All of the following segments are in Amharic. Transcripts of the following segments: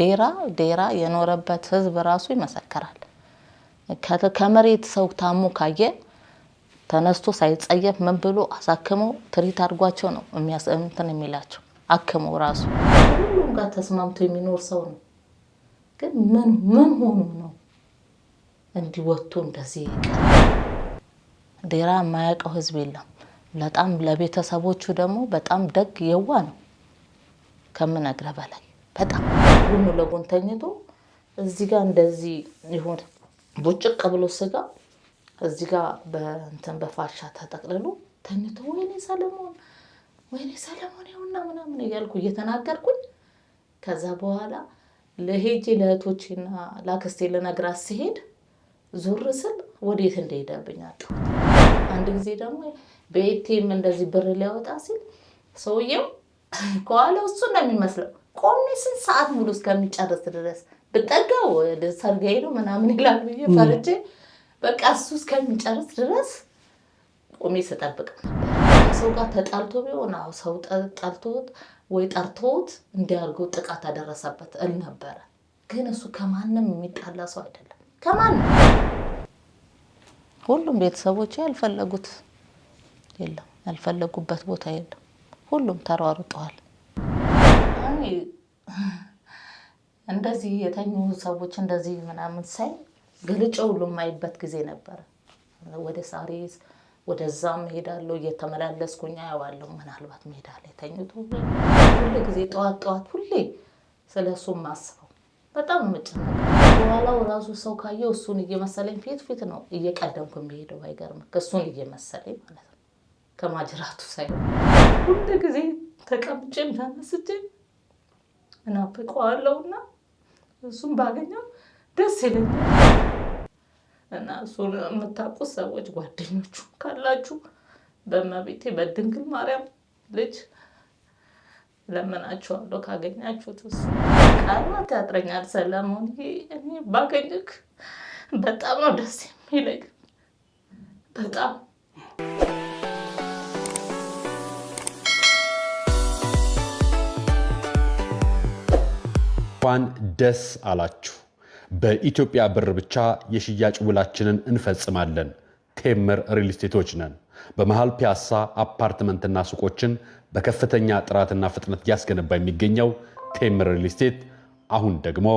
ዴራ ዴራ የኖረበት ህዝብ ራሱ ይመሰከራል። ከመሬት ሰው ታሞ ካየ ተነስቶ ሳይጸየፍ ምን ብሎ አሳክሞ ትሪት አድርጓቸው ነው እንትን የሚላቸው አክሞ ራሱ ሁሉም ጋር ተስማምቶ የሚኖር ሰው ነው። ግን ምን ምን ሆኖ ነው እንዲህ ወጥቶ እንደዚህ ዴራ የማያውቀው ህዝብ የለም። በጣም ለቤተሰቦቹ ደግሞ በጣም ደግ የዋ ነው ከምነግረ በላይ በጣም ጎን ለጎን ተኝቶ እዚህ ጋር እንደዚህ ይሆን ቡጭቅ ብሎ ስጋ እዚህ ጋር በእንትን በፋሻ ተጠቅልሎ ተኝቶ ወይኔ ሰለሞን ወይኔ ሰለሞን ይሁና ምናምን እያልኩ እየተናገርኩኝ ከዛ በኋላ ለሄጄ ለእህቶቼና ላክስቴ ልነግራት ሲሄድ ዙር ስል ወዴት እንደሄደብኝ አንድ ጊዜ ደግሞ ቤቴም እንደዚህ ብር ሊያወጣ ሲል ሰውየው ከኋላ እሱ ነው የሚመስለው ቆሜ ስንት ሰዓት ሙሉ እስከሚጨርስ ድረስ ብጠጋው ሰርጋዬ ነው ምናምን ይላል ብዬ ፈርቼ በቃ እሱ እስከሚጨርስ ድረስ ቆሜ ስጠብቅ ሰው ጋር ተጣልቶ ቢሆን አዎ ሰው ጠልቶት ወይ ጠርቶት እንዲያርገው ጥቃት አደረሰበት እል ነበረ። ግን እሱ ከማንም የሚጣላ ሰው አይደለም። ከማንም ሁሉም ቤተሰቦች ያልፈለጉት የለም ያልፈለጉበት ቦታ የለም። ሁሉም ተሯሩጠዋል። እንደዚህ የተኙ ሰዎች እንደዚህ ምናምን ሳይ ገልጬ ሁሉ የማይበት ጊዜ ነበር ወደ ሳሪስ ወደዛም ሄዳለሁ እየተመላለስኩኝ አያዋለሁ። ምናልባት ሜዳ ላይ ተኝቶ ሁሌ ጊዜ ጠዋት ጠዋት ሁሌ ስለ እሱ ማስበው በጣም የምጨነቅ በኋላው ራሱ ሰው ካየው እሱን እየመሰለኝ ፊት ፊት ነው እየቀደምኩ የሚሄደው። አይገርም እሱን እየመሰለኝ ማለት ነው ከማጅራቱ ሳይሆን ሁሉ ጊዜ ተቀምጬም ተነስቼ እናፍቀዋለሁና እሱም ባገኘው ደስ ይለኛል። እና እሱን የምታውቁት ሰዎች ጓደኞቹ ካላችሁ በመቤቴ በድንግል ማርያም ልጅ ለምናችኋለሁ ካገኛችሁት። እሱ ቃላት ያጥረኛል። ሰለሞን እኔ ባገኝክ በጣም ነው ደስ የሚለኝ በጣም እንኳን ደስ አላችሁ። በኢትዮጵያ ብር ብቻ የሽያጭ ውላችንን እንፈጽማለን። ቴምር ሪል ስቴቶች ነን። በመሃል ፒያሳ አፓርትመንትና ሱቆችን በከፍተኛ ጥራትና ፍጥነት እያስገነባ የሚገኘው ቴምር ሪል ስቴት አሁን ደግሞ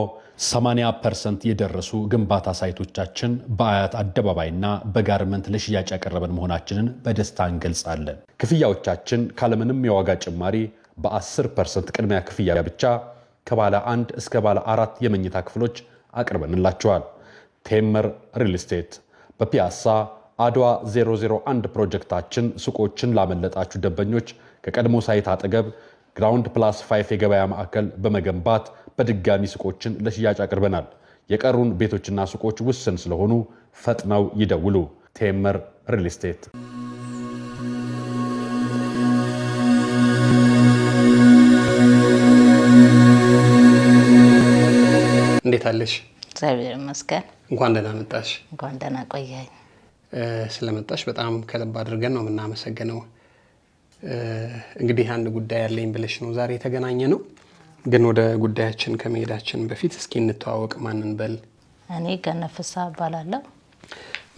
80 ፐርሰንት የደረሱ ግንባታ ሳይቶቻችን በአያት አደባባይና በጋርመንት ለሽያጭ ያቀረበን መሆናችንን በደስታ እንገልጻለን። ክፍያዎቻችን ካለምንም የዋጋ ጭማሪ በ10 ፐርሰንት ቅድሚያ ክፍያ ብቻ ከባለ አንድ እስከ ባለ አራት የመኝታ ክፍሎች አቅርበንላቸዋል። ቴምር ሪል ስቴት በፒያሳ አድዋ 001 ፕሮጀክታችን ሱቆችን ላመለጣችሁ ደንበኞች ከቀድሞ ሳይት አጠገብ ግራውንድ ፕላስ 5 የገበያ ማዕከል በመገንባት በድጋሚ ሱቆችን ለሽያጭ አቅርበናል። የቀሩን ቤቶችና ሱቆች ውስን ስለሆኑ ፈጥነው ይደውሉ። ቴምር ሪል ስቴት እንዴት አለሽ? እግዚአብሔር ይመስገን። እንኳን ደህና መጣሽ። እንኳን ደህና ቆያኝ። ስለመጣሽ በጣም ከልብ አድርገን ነው የምናመሰግነው። እንግዲህ አንድ ጉዳይ ያለኝ ብለሽ ነው ዛሬ የተገናኘ ነው። ግን ወደ ጉዳያችን ከመሄዳችን በፊት እስኪ እንተዋወቅ። ማንን በል? እኔ ገነት ፍስሀ እባላለሁ።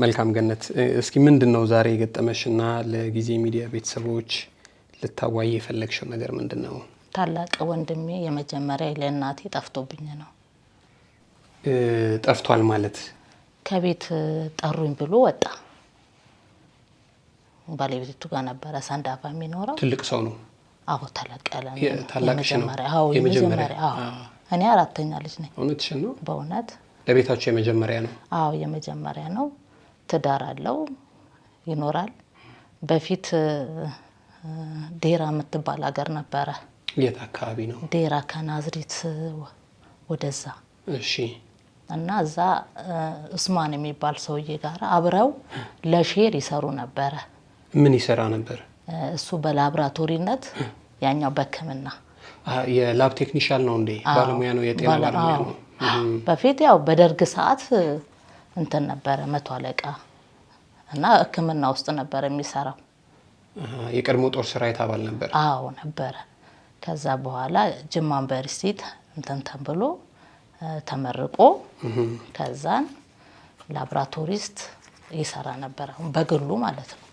መልካም ገነት፣ እስኪ ምንድን ነው ዛሬ የገጠመሽና ለጊዜ ሚዲያ ቤተሰቦች ልታዋይ የፈለግሽው ነገር ምንድን ነው? ታላቅ ወንድሜ የመጀመሪያ ለእናቴ ጠፍቶብኝ ነው ጠፍቷል ማለት ከቤት ጠሩኝ ብሎ ወጣ። ባለቤቱ ጋር ነበረ ሳንዳፋ የሚኖረው ትልቅ ሰው ነው። አዎ ታላቅ ያለ የመጀመሪያ እኔ አራተኛ ልጅ ነኝ። እውነትሽን ነው። በእውነት ለቤታቸው የመጀመሪያ ነው። አዎ የመጀመሪያ ነው። ትዳር አለው ይኖራል። በፊት ዴራ የምትባል ሀገር ነበረ። የት አካባቢ ነው? ዴራ ከናዝሪት ወደዛ። እሺ እና እዛ ኡስማን የሚባል ሰውዬ ጋር አብረው ለሼር ይሰሩ ነበረ። ምን ይሰራ ነበር? እሱ በላብራቶሪነት ያኛው በሕክምና የላብ ቴክኒሻል ነው እንዴ? ባለሙያ ነው፣ የጤና ባለሙያ ነው። በፊት ያው በደርግ ሰዓት እንትን ነበረ መቶ አለቃ እና ሕክምና ውስጥ ነበር የሚሰራው። የቀድሞ ጦር ሰራዊት አባል ነበር? አዎ ነበረ። ከዛ በኋላ ጅማ ዩኒቨርሲቲ እንትን ተብሎ ተመርቆ ከዛን ላብራቶሪስት ይሰራ ነበር። አሁን በግሉ ማለት ነው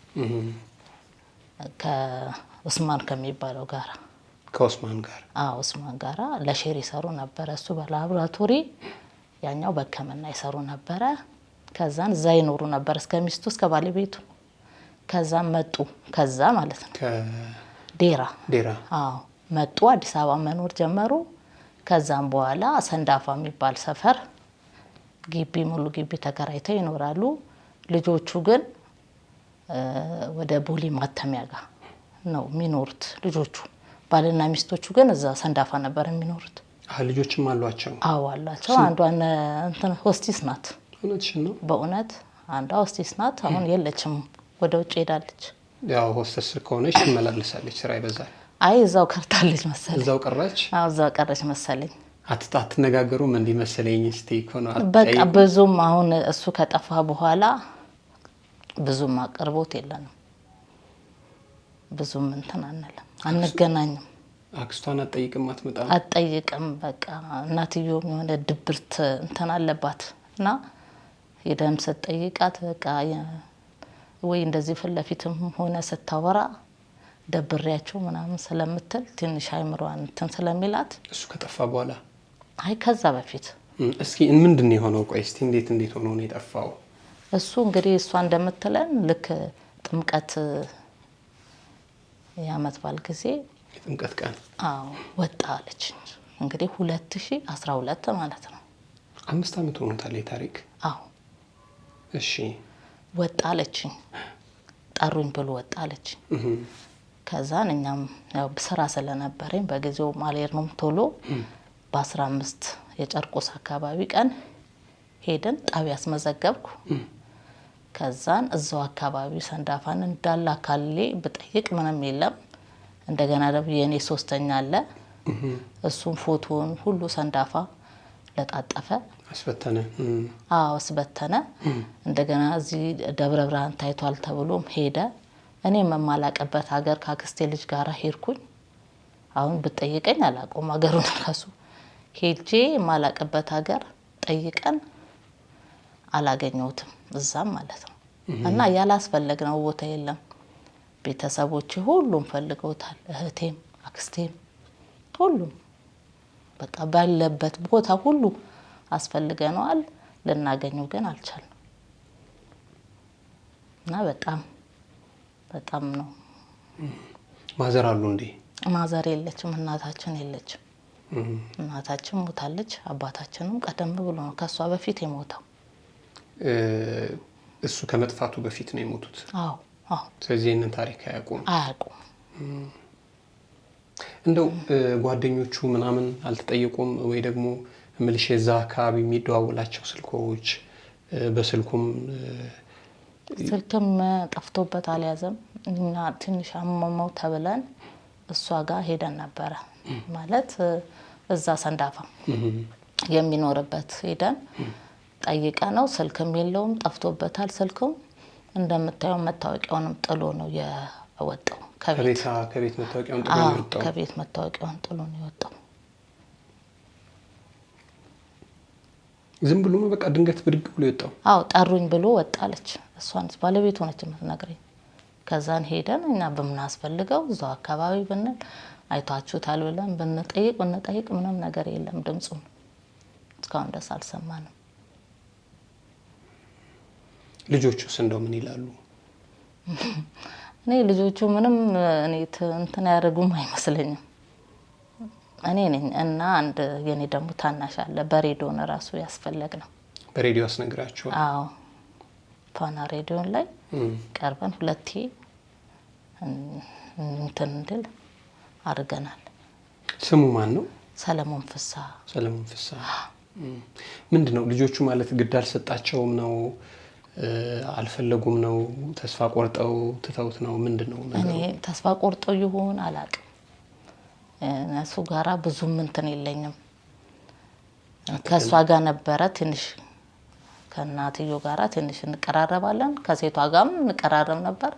ከኡስማን ከሚባለው ጋራ ከኡስማን ጋር አዎ ኡስማን ጋራ ለሼር ይሰሩ ነበረ። እሱ በላብራቶሪ ያኛው በሕክምና ይሰሩ ነበረ። ከዛን እዛ ይኖሩ ነበር እስከ ሚስቱ እስከ ባለቤቱ። ከዛ መጡ ከዛ ማለት ነው ዴራ ዴራ አዎ መጡ አዲስ አበባ መኖር ጀመሩ። ከዛም በኋላ ሰንዳፋ የሚባል ሰፈር ግቢ ሙሉ ግቢ ተከራይተው ይኖራሉ። ልጆቹ ግን ወደ ቦሌ ማተሚያ ጋር ነው የሚኖሩት። ልጆቹ ባልና ሚስቶቹ ግን እዛ ሰንዳፋ ነበር የሚኖሩት። ልጆችም አሏቸው? አዎ አሏቸው። አንዷ ሆስቲስ ናት። በእውነት አንዷ ሆስቲስ ናት። አሁን የለችም፣ ወደ ውጭ ሄዳለች። ያው ሆስተስ ከሆነች ትመላለሳለች፣ ስራ ይበዛል። አይ እዛው ከርታለች መሰለኝ። እዛው ቀረች። እዛው ቀረች መሰለኝ። አትነጋገሩም? እንዲህ መሰለኝ። ስቲ በቃ ብዙም አሁን እሱ ከጠፋ በኋላ ብዙም አቅርቦት የለንም። ብዙም እንትን አንልም፣ አንገናኝም። አክስቷን አትጠይቅም፣ አትመጣም፣ አትጠይቅም። በቃ እናትዮም የሆነ ድብርት እንትን አለባት እና ሄደም ስትጠይቃት በቃ ወይ እንደዚህ ፊት ለፊትም ሆነ ስታወራ ደብሬያቸው ምናምን ስለምትል ትንሽ አይምሯን እንትን ስለሚላት እሱ ከጠፋ በኋላ አይ ከዛ በፊት እስኪ ምንድን የሆነው? ቆይ እስቲ እንዴት እንዴት ሆኖ ነው የጠፋው? እሱ እንግዲህ እሷ እንደምትለን ልክ ጥምቀት የአመት በዓል ጊዜ የጥምቀት ቀን ወጣ አለች። እንግዲህ ሁለት ሺ አስራ ሁለት ማለት ነው። አምስት አመት ሆኖታል ታሪክ። አዎ እሺ ወጣ አለችኝ። ጠሩኝ ብሎ ወጣ አለችኝ። ከዛን እኛም ያው ስራ ስለነበረኝ በጊዜው ማሌርኖም ቶሎ በ15 የጨርቆስ አካባቢ ቀን ሄደን ጣቢያ አስመዘገብኩ። ከዛን እዛው አካባቢ ሰንዳፋን እንዳለ አካሌ ብጠይቅ ምንም የለም። እንደገና ደግሞ የእኔ ሶስተኛ አለ እሱም ፎቶን ሁሉ ሰንዳፋ ለጣጠፈ አስበተነ። አዎ አስበተነ። እንደገና እዚህ ደብረ ብርሃን ታይቷል ተብሎም ሄደ። እኔ የመማላቀበት ሀገር ከአክስቴ ልጅ ጋር ሄድኩኝ። አሁን ብጠይቀኝ አላውቀውም ሀገሩን ራሱ ሄጄ የማላቅበት ሀገር ጠይቀን አላገኘሁትም እዛም ማለት ነው። እና ያላስፈለግነው ቦታ የለም። ቤተሰቦች ሁሉም ፈልገውታል። እህቴም፣ አክስቴም ሁሉም በቃ ባለበት ቦታ ሁሉ አስፈልገነዋል። ልናገኘው ግን አልቻልንም እና በጣም በጣም ነው። ማዘር አሉ እንዴ? ማዘር የለችም፣ እናታችን የለችም። እናታችን ሞታለች። አባታችንም ቀደም ብሎ ነው ከእሷ በፊት የሞተው። እሱ ከመጥፋቱ በፊት ነው የሞቱት። አዎ አዎ። ስለዚህ ይህንን ታሪክ አያውቁም አያውቁም። እንደው ጓደኞቹ ምናምን አልተጠየቁም ወይ ደግሞ ምልሽ የዛ አካባቢ የሚደዋውላቸው ስልኮች በስልኩም ስልክም ጠፍቶበት አልያዘም እና ትንሽ አመመው ተብለን እሷ ጋር ሄደን ነበረ። ማለት እዛ ሰንዳፋ የሚኖርበት ሄደን ጠይቀ ነው። ስልክም የለውም ጠፍቶበታል። ስልክም እንደምታየው መታወቂያውንም ጥሎ ነው የወጣው ከቤት መታወቂያውን ጥሎ ነው የወጣው። ዝም ብሎ በቃ ድንገት ብድግ ብሎ የወጣው። አዎ ጠሩኝ ብሎ ወጣለች። እሷን ባለቤት ሆነች የምትነግረኝ። ከዛን ሄደን እኛ በምናስፈልገው እዛው አካባቢ ብንል አይቷችሁታል ብለን ብንጠይቅ ብንጠይቅ ምንም ነገር የለም። ድምፁም እስካሁን ደስ አልሰማንም። ልጆቹስ እንደው ምን ይላሉ? እኔ ልጆቹ ምንም እኔ እንትን ያደርጉም አይመስለኝም እኔ ነኝ እና አንድ የኔ ደግሞ ታናሽ አለ። በሬዲዮን ራሱ ያስፈለግ ነው። በሬዲዮ አስነግራችኋል? አዎ ፋና ሬዲዮን ላይ ቀርበን ሁለቴ እንትን እንድል አድርገናል። ስሙ ማን ነው? ሰለሞን ፍሳ። ሰለሞን ፍሳ ምንድን ነው ልጆቹ ማለት ግድ አልሰጣቸውም ነው? አልፈለጉም ነው? ተስፋ ቆርጠው ትተውት ነው? ምንድን ነው? እኔ ተስፋ ቆርጠው ይሆን አላቅም? እነሱ ጋራ ብዙ ምንትን የለኝም። ከእሷ ጋር ነበረ ትንሽ ከእናትዮ ጋራ ትንሽ እንቀራረባለን። ከሴቷ ጋርም እንቀራረብ ነበር።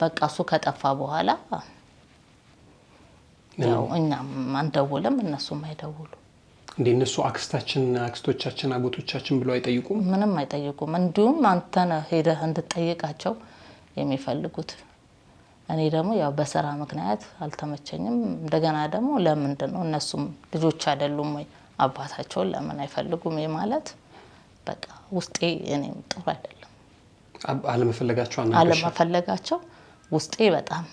በቃ እሱ ከጠፋ በኋላ ያው እኛም አንደውልም፣ እነሱም አይደውሉ። እንዴ እነሱ አክስታችን፣ አክስቶቻችን፣ አጎቶቻችን ብለው አይጠይቁም? ምንም አይጠይቁም። እንዲሁም አንተ ነህ ሄደህ እንድጠይቃቸው የሚፈልጉት እኔ ደግሞ ያው በስራ ምክንያት አልተመቸኝም። እንደገና ደግሞ ለምንድን ነው እነሱም ልጆች አይደሉም ወይ አባታቸውን ለምን አይፈልጉም ማለት በቃ ውስጤ እኔም ጥሩ አይደለም። አለመፈለጋቸው አለመፈለጋቸው ውስጤ በጣም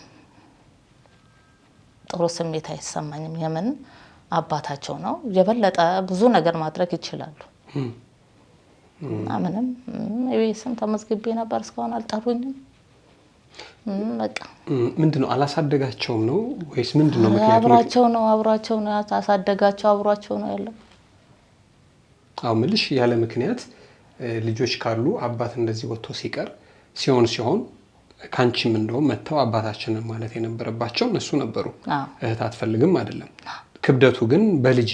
ጥሩ ስሜት አይሰማኝም። የምን አባታቸው ነው የበለጠ ብዙ ነገር ማድረግ ይችላሉ። ምንም ስም ተመዝግቤ ነበር እስካሁን አልጠሩኝም። በቃ ምንድን ነው አላሳደጋቸውም ነው ወይስ ምንድን ነው? አብሯቸው ነው አብሯቸው ነው አሳደጋቸው አብሯቸው ነው ያለው። አሁ ምልሽ ያለ ምክንያት ልጆች ካሉ አባት እንደዚህ ወጥቶ ሲቀር ሲሆን ሲሆን ከአንቺም እንደውም መጥተው አባታችንን ማለት የነበረባቸው እነሱ ነበሩ። እህት አትፈልግም አይደለም። ክብደቱ ግን በልጅ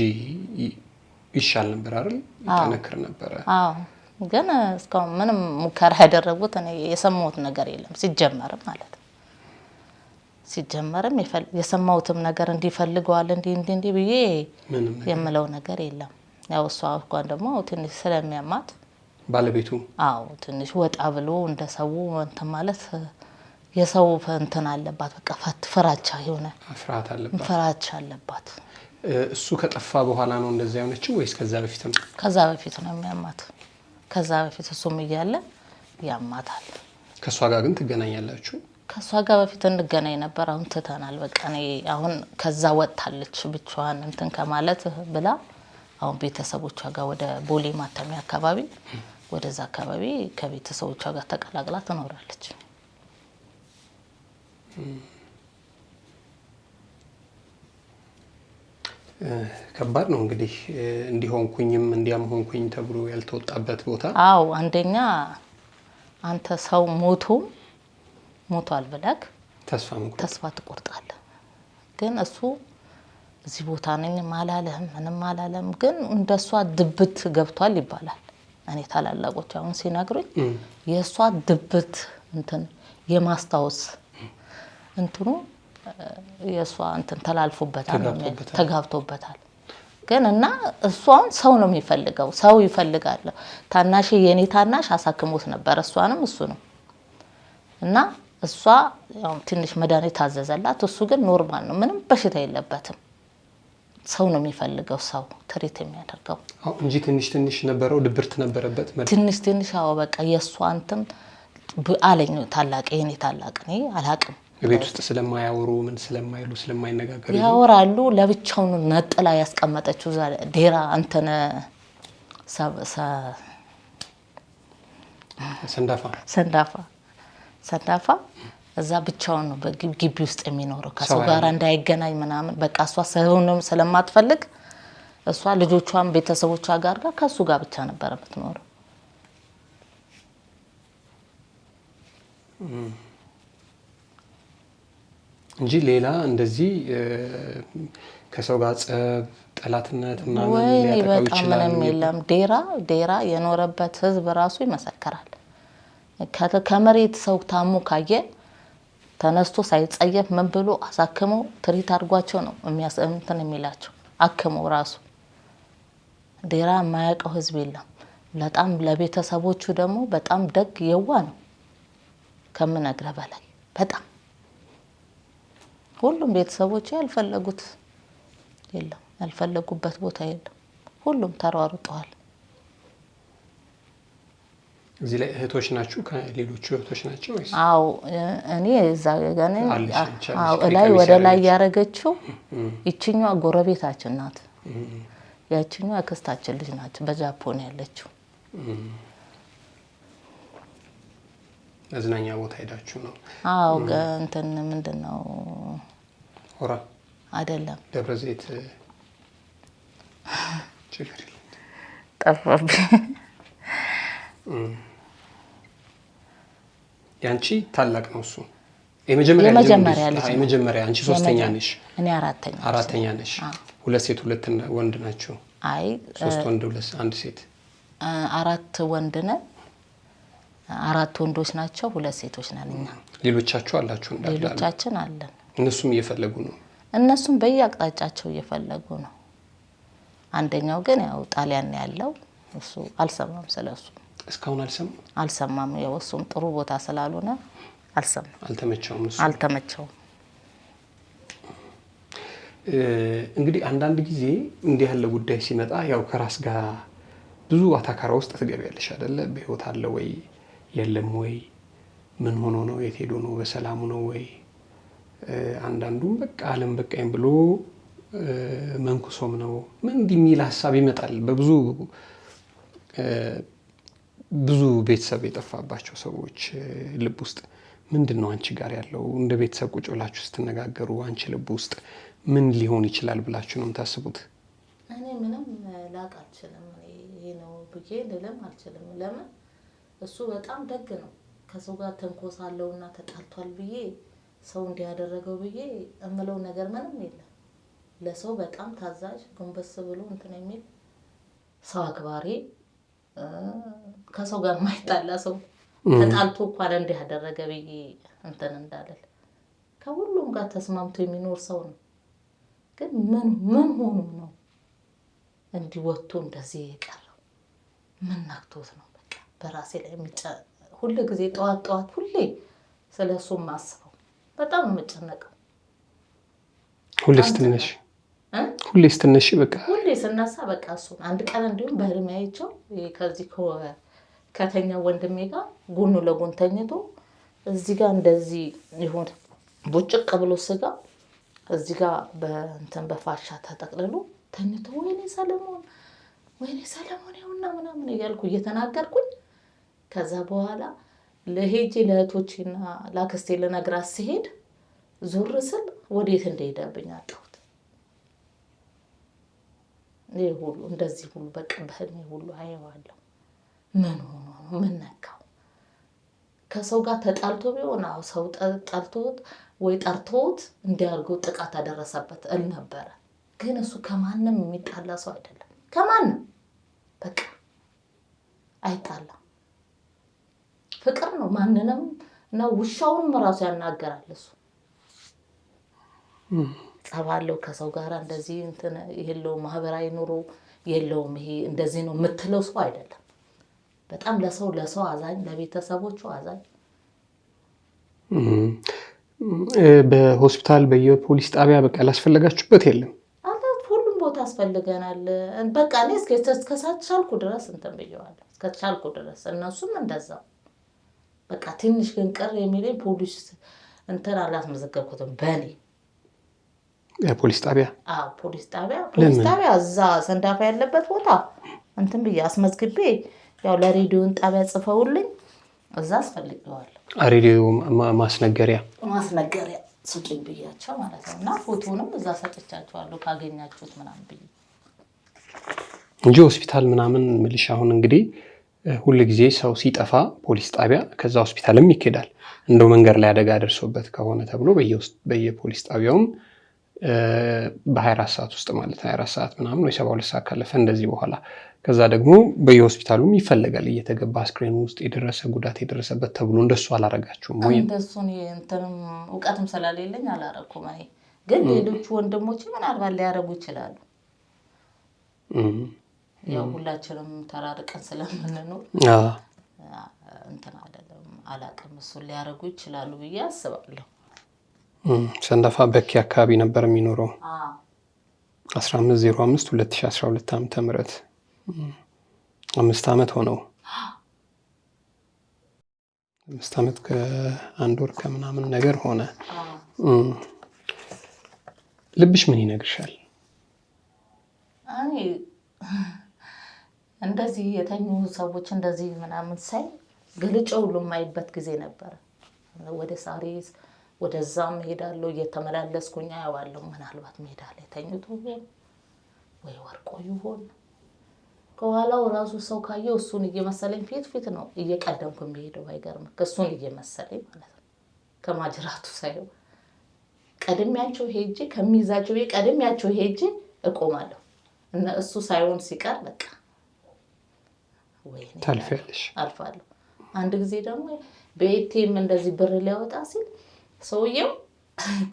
ይሻል ነበር አይደል? ይጠነክር ነበረ። ግን እስካሁን ምንም ሙከራ ያደረጉት የሰማሁት ነገር የለም። ሲጀመርም ማለት ነው ሲጀመርም የሰማሁትም ነገር እንዲፈልገዋል እንዲህ እንዲህ እንዲህ ብዬ የምለው ነገር የለም። ያው እሷ እንኳን ደግሞ ትንሽ ስለሚያማት ባለቤቱ አዎ ትንሽ ወጣ ብሎ እንደ ሰው እንትን ማለት የሰው እንትን አለባት። በቃ ፈት ፍራቻ የሆነ ፍራቻ አለባት። እሱ ከጠፋ በኋላ ነው እንደዚያ የሆነችው ወይስ ከዛ በፊት ነው? ከዛ በፊት ነው የሚያማት ከዛ በፊት እሱም እያለ ያማታል። ከእሷ ጋር ግን ትገናኛላችሁ? ከእሷ ጋር በፊት እንገናኝ ነበር። አሁን ትተናል። በቃ እኔ አሁን ከዛ ወጥታለች ብቻዋን እንትን ከማለት ብላ አሁን ቤተሰቦቿ ጋር ወደ ቦሌ ማተሚያ አካባቢ ወደዛ አካባቢ ከቤተሰቦቿ ጋር ተቀላቅላ ትኖራለች። ከባድ ነው እንግዲህ እንዲሆንኩኝም እንዲያም ሆንኩኝ ተብሎ ያልተወጣበት ቦታ። አዎ አንደኛ አንተ ሰው ሞቶም ሞቷል ብለህ ተስፋ ትቆርጣለህ። ግን እሱ እዚህ ቦታ ነኝ አላለህም፣ ምንም አላለህም። ግን እንደሷ ድብት ገብቷል ይባላል። እኔ ታላላቆች አሁን ሲነግሩኝ የእሷ ድብት እንትን የማስታወስ እንትኑ የእሷ እንትን ተላልፎበታል፣ ተጋብቶበታል። ግን እና እሷን ሰው ነው የሚፈልገው፣ ሰው ይፈልጋል። ታናሽ የእኔ ታናሽ አሳክሞት ነበር፣ እሷንም እሱ ነው እና እሷ ትንሽ መድኃኒት ታዘዘላት። እሱ ግን ኖርማል ነው፣ ምንም በሽታ የለበትም። ሰው ነው የሚፈልገው፣ ሰው ትሬት የሚያደርገው እንጂ ትንሽ ትንሽ ነበረው፣ ድብርት ነበረበት። ትንሽ ትንሽ አዎ፣ በቃ የእሷ እንትን አለኝ። ታላቅ የኔ ታላቅ እኔ አላቅም ቤት ውስጥ ስለማያወሩ ምን ስለማይሉ ስለማይነጋገሩ ያወራሉ። ለብቻውን ነጥላ ያስቀመጠችው እዛ ዴራ አንተነ ሰንዳፋ ሰንዳፋ ሰንዳፋ እዛ ብቻውን ነው በግቢ ውስጥ የሚኖረው ከሰው ጋር እንዳይገናኝ ምናምን በቃ እሷ ሰውንም ስለማትፈልግ እሷ ልጆቿን ቤተሰቦቿ ጋር ጋር ከእሱ ጋር ብቻ ነበረ የምትኖረው። እንጂ ሌላ እንደዚህ ከሰው ጋር ጸብ፣ ጠላትነት ምናምን ምንም የለም። ዴራ ዴራ የኖረበት ህዝብ ራሱ ይመሰክራል። ከመሬት ሰው ታሞ ካየ ተነስቶ ሳይጸየፍ ምን ብሎ አሳክሞ ትሪት አድርጓቸው ነው እንትን የሚላቸው አክሞ ራሱ ዴራ የማያውቀው ህዝብ የለም። በጣም ለቤተሰቦቹ ደግሞ በጣም ደግ የዋ ነው ከምነግረ በላይ በጣም ሁሉም ቤተሰቦቼ ያልፈለጉት የለም፣ ያልፈለጉበት ቦታ የለም። ሁሉም ተሯሩጠዋል። እዚህ ላይ እህቶች ናችሁ? ከሌሎቹ እህቶች ናቸው አዎ እኔ እዛ ገን ላይ ወደ ላይ ያደረገችው ይችኛዋ ጎረቤታችን ናት። ያችኛዋ ክስታችን ልጅ ናቸው በጃፖን ያለችው መዝናኛ ቦታ ሄዳችሁ ነው? አዎ እንትን ምንድን ነው ሆራ አይደለም፣ ደብረ ዘይት ጠፋብኝ። ያንቺ ታላቅ ነው እሱ የመጀመሪያ አንቺ ሶስተኛ ነሽ፣ እኔ አራተኛ አራተኛ ነሽ። ሁለት ሴት ሁለት ወንድ ናቸው። አይ ሶስት ወንድ ሁለት አንድ ሴት አራት ወንድ ነን። አራት ወንዶች ናቸው፣ ሁለት ሴቶች ነን እኛ። ሌሎቻችሁ አላችሁ? ሌሎቻችን አለን። እነሱም እየፈለጉ ነው። እነሱም በየአቅጣጫቸው እየፈለጉ ነው። አንደኛው ግን ያው ጣሊያን ያለው እሱ አልሰማም፣ ስለሱ እስካሁን አልሰማም አልሰማም። ያው እሱም ጥሩ ቦታ ስላልሆነ አልሰማም፣ አልተመቸውም፣ አልተመቸውም። እንግዲህ አንዳንድ ጊዜ እንዲህ ያለ ጉዳይ ሲመጣ ያው ከራስ ጋር ብዙ አታካራ ውስጥ ትገቢያለሽ አይደለ? በህይወት አለ ወይ የለም ወይ? ምን ሆኖ ነው? የት ሄዶ ነው? በሰላሙ ነው ወይ አንዳንዱም በቃ አለም በቃኝ ብሎ መንኩሶም ነው ምን እንዲህ የሚል ሀሳብ ይመጣል። በብዙ ብዙ ቤተሰብ የጠፋባቸው ሰዎች ልብ ውስጥ ምንድን ነው አንቺ ጋር ያለው እንደ ቤተሰብ ቁጭ ብላችሁ ስትነጋገሩ አንቺ ልብ ውስጥ ምን ሊሆን ይችላል ብላችሁ ነው የምታስቡት? እኔ ምንም ላቅ አልችልም። ይሄ ነው ብዬ ልልም አልችልም። ለምን እሱ በጣም ደግ ነው። ከሰው ጋር እና ተጣልቷል ብዬ ሰው እንዲያደረገው ብዬ እምለው ነገር ምንም የለም። ለሰው በጣም ታዛዥ፣ ጎንበስ ብሎ እንትን የሚል ሰው አክባሪ፣ ከሰው ጋር የማይጣላ ሰው ተጣልቶ እንኳን እንዲህ ያደረገ ብዬ እንትን እንዳለል ከሁሉም ጋር ተስማምቶ የሚኖር ሰው ነው። ግን ምን ምን ሆኖ ነው እንዲህ ወጥቶ እንደዚህ የቀረው? ምን ነክቶት ነው? በቃ በራሴ ላይ ሁሉ ጊዜ ጠዋት ጠዋት ሁሌ ስለ እሱ ማስብ በጣም የምጨነቀው ሁሌ ስትነሽ ሁሌ ስትነሽ በቃ ሁሌ ስነሳ በቃ እሱን አንድ ቀን እንዲሁም በህልሜ አይቼው ከዚህ ከተኛ ወንድሜ ጋር ጎኑ ለጎን ተኝቶ እዚህ ጋር እንደዚህ ይሁን ቡጭቅ ብሎ ስጋ እዚህ ጋር በእንትን በፋሻ ተጠቅልሎ ተኝቶ ወይኔ ሰለሞን ወይኔ ሰለሞን ይሁና ምናምን እያልኩ እየተናገርኩኝ ከዛ በኋላ ለሄጂ ለእህቶቼና ለአክስቴ ልነግራት ሲሄድ ዞር ስል ወዴት እንደሄደብኝ አጣሁት። ይህ ሁሉ እንደዚህ ሁሉ በቃ በህልሜ ሁሉ አየዋለሁ። ምን ሆኖ ነው? ምን ነካው? ከሰው ጋር ተጣልቶ ቢሆን አዎ፣ ሰው ጠልቶት ወይ ጠርቶት እንዲያርገው ጥቃት አደረሰበት እል ነበረ። ግን እሱ ከማንም የሚጣላ ሰው አይደለም። ከማንም በቃ አይጣላም። ፍቅር ነው። ማንንም ነው ውሻውንም ራሱ ያናገራል እሱ ጸባለው ከሰው ጋር እንደዚህ የለው ማህበራዊ ኑሮ የለውም። ይሄ እንደዚህ ነው የምትለው ሰው አይደለም። በጣም ለሰው ለሰው አዛኝ፣ ለቤተሰቦቹ አዛኝ። በሆስፒታል በየፖሊስ ጣቢያ በቃ ላስፈለጋችሁበት የለም ሁሉም ቦታ አስፈልገናል። በቃ እኔ እስከቻልኩ ድረስ እንትን ብየዋለሁ። እስከቻልኩ ድረስ እነሱም እንደዛው በቃ ትንሽ ግን ቅር የሚለኝ ፖሊስ እንትን አላስመዘገብኩትም። በኔ ፖሊስ ጣቢያ ፖሊስ ጣቢያ ፖሊስ ጣቢያ እዛ ሰንዳፋ ያለበት ቦታ እንትን ብዬ አስመዝግቤ ያው ለሬዲዮን ጣቢያ ጽፈውልኝ እዛ አስፈልገዋል። ሬዲዮ ማስነገሪያ ማስነገሪያ ስጡኝ ብያቸው ማለት ነው። እና ፎቶንም እዛ ሰጥቻቸዋለሁ ካገኛችሁት ምናምን ብዬ እንጂ ሆስፒታል ምናምን ምልሽ አሁን እንግዲህ ሁል ጊዜ ሰው ሲጠፋ ፖሊስ ጣቢያ ከዛ ሆስፒታልም ይኬዳል። እንደው መንገድ ላይ አደጋ ደርሶበት ከሆነ ተብሎ በየፖሊስ ጣቢያውም በ24 ሰዓት ውስጥ ማለት 24 ሰዓት ምናምን ወይ 72 ሰዓት ካለፈ እንደዚህ በኋላ ከዛ ደግሞ በየሆስፒታሉም ይፈለጋል እየተገባ አስክሬን ውስጥ የደረሰ ጉዳት የደረሰበት ተብሎ እንደሱ አላረጋችሁም ወይ? እንደሱን እንትንም እውቀትም ስለሌለኝ አላረኩም። እኔ ግን ሌሎቹ ወንድሞች ምናልባት ሊያረጉ ይችላሉ። ያው ሁላችንም ተራርቀን ስለምንኖር እንትን አይደለም አላቅም። እሱን ሊያደርጉ ይችላሉ ብዬ አስባለሁ። ሰንዳፋ በኪ አካባቢ ነበር የሚኖረው 1505 2012 ዓመተ ምህረት አምስት ዓመት ሆነው አምስት ዓመት ከአንድ ወር ከምናምን ነገር ሆነ። ልብሽ ምን ይነግርሻል? እንደዚህ የተኙ ሰዎች እንደዚህ ምናምን ሳይ ገልጬ ሁሉ የማይበት ጊዜ ነበር ወደ ሳሪስ ወደዛም ሄዳለሁ እየተመላለስኩኝ አያዋለሁ። ምናልባት ሜዳ ላይ ተኝቶ ይሆን ወይ ወርቆ ይሆን ከኋላው ራሱ ሰው ካየው እሱን እየመሰለኝ ፊት ፊት ነው እየቀደምኩ የሚሄደው። አይገርም እሱን እየመሰለኝ ማለት ነው። ከማጅራቱ ሳይሆን ቀድሚያቸው ሄጄ ከሚይዛቸው ቀድሚያቸው ሄጄ እቆማለሁ። እሱ ሳይሆን ሲቀር በቃ ታልፊያለሽ አልፋለሁ። አንድ ጊዜ ደግሞ በኤቲኤም እንደዚህ ብር ሊያወጣ ሲል ሰውየው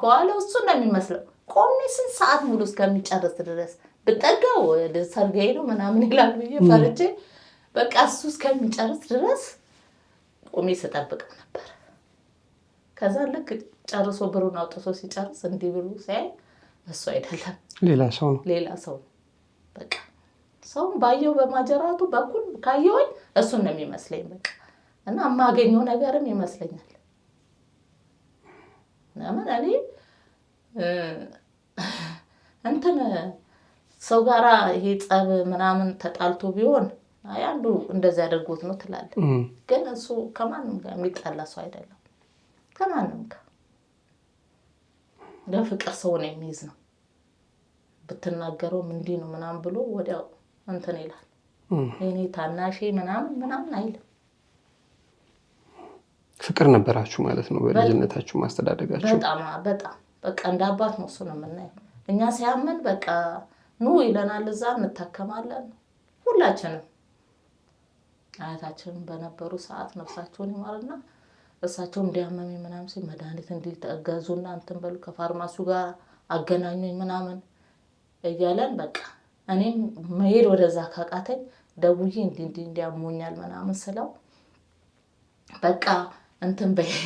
ከኋላው እሱ ነው የሚመስለው ቆሜ ስንት ሰዓት ሙሉ እስከሚጨርስ ድረስ ብጠጋው ሰርጋዬ ነው ምናምን ይላል ብዬ ፈርቼ በቃ እሱ እስከሚጨርስ ድረስ ቆሜ ስጠብቀው ነበር። ከዛ ልክ ጨርሶ ብሩን አውጥቶ ሲጨርስ እንዲህ ብሉ ሲያይ እሱ አይደለም ሌላ ሰው ነው ሌላ ሰው ነው በቃ ሰውን ባየው በማጀራቱ በኩል ካየወኝ እሱን ነው የሚመስለኝ። በቃ እና የማገኘው ነገርም ይመስለኛል። ለምን እኔ እንትን ሰው ጋራ ይሄ ጸብ ምናምን ተጣልቶ ቢሆን አንዱ እንደዚህ አድርጎት ነው ትላለ? ግን እሱ ከማንም ጋር የሚጠላ ሰው አይደለም። ከማንም ጋር ለፍቅር ሰውን የሚይዝ ነው። ብትናገረውም እንዲህ ነው ምናምን ብሎ ወዲያው እንትን ይላል። እኔ ታናሽ ምናምን ምናምን አይልም። ፍቅር ነበራችሁ ማለት ነው በልጅነታችሁ ማስተዳደጋችሁ። በጣም በጣም በቃ እንደ አባት ነው እሱን የምናየው እኛ ሲያምን በቃ ኑ ይለናል። እዛ እንታከማለን ሁላችንም። አያታችንም በነበሩ ሰዓት ነፍሳቸውን ይማርና እሳቸው እንዲያመሚ ምናምን ሲል መድኃኒት እንዲገዙና እንትን በሉ ከፋርማሲው ጋር አገናኙኝ ምናምን እያለን በቃ እኔም መሄድ ወደዛ ካቃተኝ ደውዬ እንዲህ እንዲህ እንዲህ አሞኛል ምናምን ስለው በቃ እንትን በይ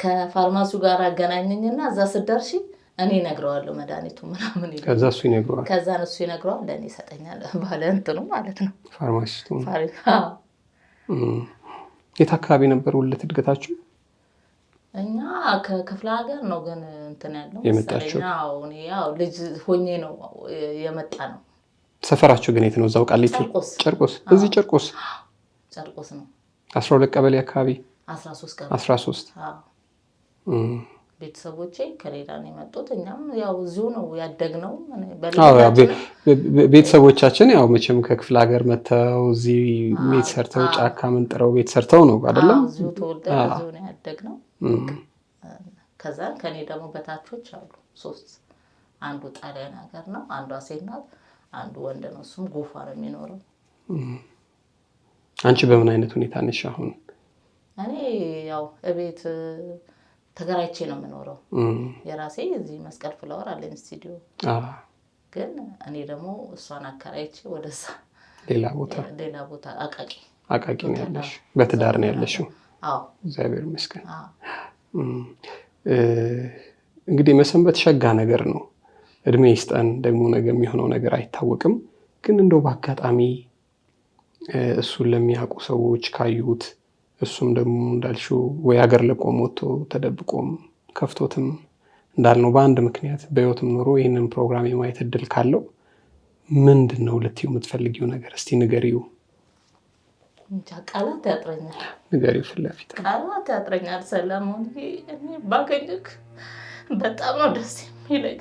ከፋርማሲው ጋር አገናኘኝና እዛ ስደርሺ እኔ እነግረዋለሁ መድኃኒቱ ምናምን ይላል። ከዛ እሱ ይነግረዋል። ከዛ እሱ ይነግረዋል ለእኔ ይሰጠኛል። ባለ እንትኑ ማለት ነው ፋርማሲስቱ። የት አካባቢ ነበር ውለት እድገታችሁ? እኛ ከክፍለ ሀገር ነው ግን እንትን ያለው የመጣችው ልጅ ሆኜ ነው የመጣ ነው። ሰፈራቸው ግን የት ነው? እዛው ቃሊቲ ጨርቆስ። እዚህ ጨርቆስ ጨርቆስ ነው። አስራ ሁለት ቀበሌ አካባቢ አስራ ሶስት ቤተሰቦቼ ከሌላ ነው የመጡት። እኛም ያው እዚሁ ነው ያደግነው። ቤተሰቦቻችን ያው መቼም ከክፍለ ሀገር መጥተው እዚህ ቤት ሰርተው ጫካ ምንጥረው ቤት ሰርተው ነው አይደለም፣ እዚሁ ተወልደን እዚሁ ነው ያደግነው። ከዛ ከኔ ደግሞ በታቾች አሉ ሶስት። አንዱ ጣሊያን ሀገር ነው፣ አንዷ ሴት ናት፣ አንዱ ወንድ ነው። እሱም ጎፋ ነው የሚኖረው። አንቺ በምን አይነት ሁኔታ ነሽ አሁን? እኔ ያው እቤት ተገራይቼ ነው የምኖረው። የራሴ እዚህ መስቀል ፍላወር አለኝ ስቱዲዮ። ግን እኔ ደግሞ እሷን አከራይቼ ወደዛ ሌላ ቦታ ሌላ ቦታ አቃቂ አቃቂ ነው ያለሽ፣ በትዳር ነው ያለሽው እግዚአብሔር ይመስገን። እንግዲህ መሰንበት ሸጋ ነገር ነው። እድሜ ይስጠን። ደግሞ ነገ የሚሆነው ነገር አይታወቅም። ግን እንደው በአጋጣሚ እሱን ለሚያውቁ ሰዎች ካዩት እሱም ደግሞ እንዳልሽው ወይ ሀገር ለቆም ወጥቶ ተደብቆም ከፍቶትም እንዳልነው በአንድ ምክንያት በህይወትም ኖሮ ይህንን ፕሮግራም የማየት እድል ካለው ምንድን ነው ልትዩ የምትፈልጊው ነገር? እስቲ ንገሪው። ቃላት ያጥረኛል። ንገሪው ፊት ለፊት ቃላት ያጥረኛል። ሰለሞን እኔ ባገኘክ በጣም ነው ደስ የሚለኝ።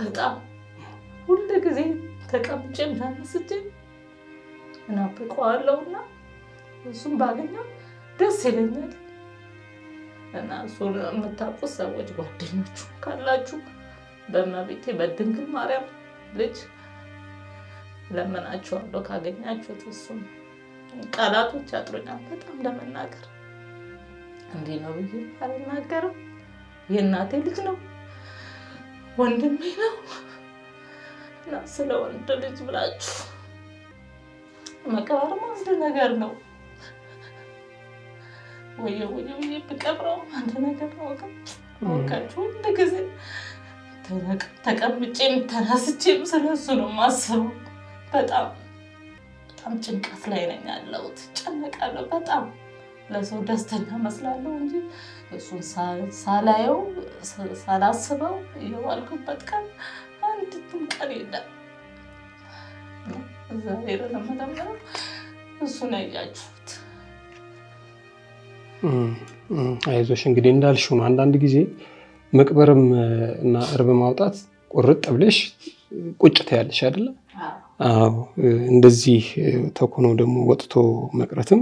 በጣም ሁሉ ጊዜ ተቀምጬ ምናምን እናፍቀዋለሁ እና እሱም ባገኘው ደስ ይለኛል። እና እሱን የምታውቁት ሰዎች ጓደኞቹ ካላችሁ በእመቤቴ በድንግል ማርያም ልጅ ለመናችኋለሁ ካገኛችሁት እሱ ቃላቶች አጥሮኛል በጣም ለመናገር እንዲህ ነው ብዬ አልናገርም። የእናቴ ልጅ ነው፣ ወንድሜ ነው እና ስለ ወንድ ልጅ ብላችሁ መቀበርም አንድ ነገር ነው። ወየ ወየ ወየ ብቀብረው አንድ ነገር ነው። ወቃችሁ ጊዜ ተቀምጬም ተናስቼም ስለሱ ነው ማስበው በጣም በጣም ጭንቀት ላይ ነኝ ያለሁት። ጨነቃለሁ በጣም ለሰው ደስተኛ መስላለሁ እንጂ እሱን ሳላየው ሳላስበው የዋልኩበት ቀን አንድትም ቀን የለም። እግዚአብሔር ለመደመሩ እሱን ያያችሁት። አይዞሽ እንግዲህ እንዳልሽው ነው። አንዳንድ ጊዜ መቅበርም እና እርብ ማውጣት ቁርጥ ብለሽ ቁጭ ያለሽ አይደለም አዎ እንደዚህ ተኩኖ ደግሞ ወጥቶ መቅረትም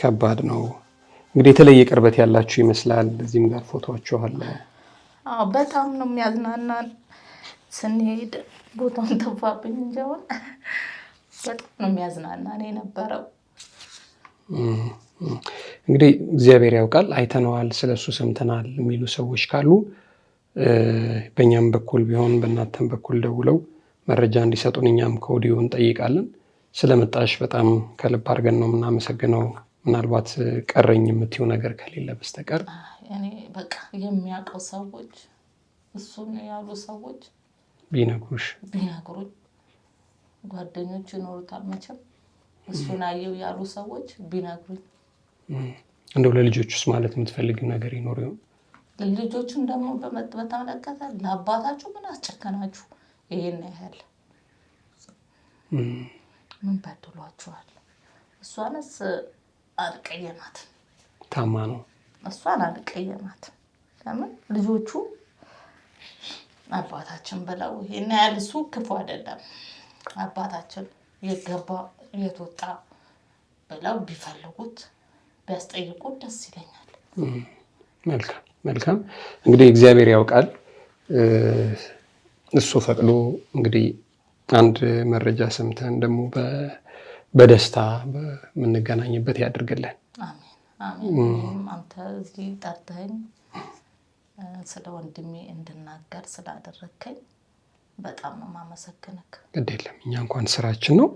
ከባድ ነው። እንግዲህ የተለየ ቅርበት ያላችሁ ይመስላል። እዚህም ጋር ፎቶቸው አለ። በጣም ነው የሚያዝናናን። ስንሄድ ቦታውን ተፋብኝ እንጀውን በጣም ነው የሚያዝናናን የነበረው። እንግዲህ እግዚአብሔር ያውቃል፣ አይተነዋል፣ ስለሱ ሰምተናል የሚሉ ሰዎች ካሉ በእኛም በኩል ቢሆን በእናንተም በኩል ደውለው መረጃ እንዲሰጡን እኛም ከወዲሁ እንጠይቃለን። ስለመጣሽ በጣም ከልብ አድርገን ነው የምናመሰግነው። ምናልባት ቀረኝ የምትይው ነገር ከሌለ በስተቀር በቃ የሚያውቀው ሰዎች እሱን ያሉ ሰዎች ቢነግሩሽ ቢነግሩኝ ጓደኞች ይኖሩታል መቼም እሱን አየው ያሉ ሰዎች ቢነግሩኝ እንደው ለልጆቹስ ማለት የምትፈልግ ነገር ይኖር ይሆን? ልጆቹን ደግሞ በተመለከተ ለአባታችሁ ምን አስጨከናችሁ? ይህን ያህል ምን በድሏችኋል? እሷንስ አልቀየማት። ታማ ነው። እሷን አልቀየማት። ለምን ልጆቹ አባታችን ብለው ይህን ያህል እሱ ክፉ አይደለም። አባታችን የገባ የትወጣ ብለው ቢፈልጉት ቢያስጠይቁት ደስ ይለኛል። መልካም መልካም እንግዲህ እግዚአብሔር ያውቃል። እሱ ፈቅዶ እንግዲህ አንድ መረጃ ሰምተን ደግሞ በደስታ የምንገናኝበት ያድርግልን። አንተ እዚህ ጠርተኝ ስለ ወንድሜ እንድናገር ስላደረግከኝ በጣም ነው የማመሰግንህ። ግድ የለም እኛ እንኳን ስራችን ነው።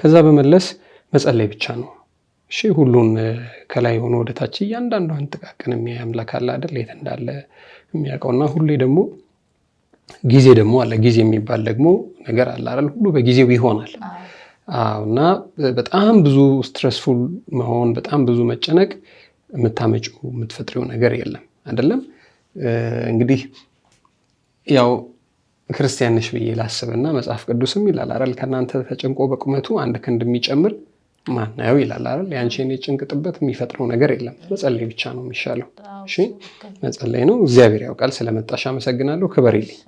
ከዛ በመለስ መጸለይ ብቻ ነው እሺ ሁሉን ከላይ ሆኖ ወደታች እያንዳንዷን ጥቃቅን የሚያይ አምላክ አለ አይደል? የት እንዳለ የሚያውቀው እና ሁሌ ደግሞ ጊዜ ደግሞ አለ። ጊዜ የሚባል ደግሞ ነገር አለ አይደል? ሁሉ በጊዜው ይሆናል። አዎ። እና በጣም ብዙ ስትረስፉል መሆን፣ በጣም ብዙ መጨነቅ የምታመጪው የምትፈጥሪው ነገር የለም አይደለም። እንግዲህ ያው ክርስቲያን ነሽ ብዬ ላስብና መጽሐፍ ቅዱስም ይላል አይደል? ከእናንተ ተጨንቆ በቁመቱ አንድ ክንድ የሚጨምር ማናየው ይላል አይደል? የአንቺን የጭንቅ ጥበት የሚፈጥረው ነገር የለም። መጸለይ ብቻ ነው የሚሻለው። እሺ፣ መጸለይ ነው። እግዚአብሔር ያውቃል። ስለመጣሽ አመሰግናለሁ። ክበሪልኝ።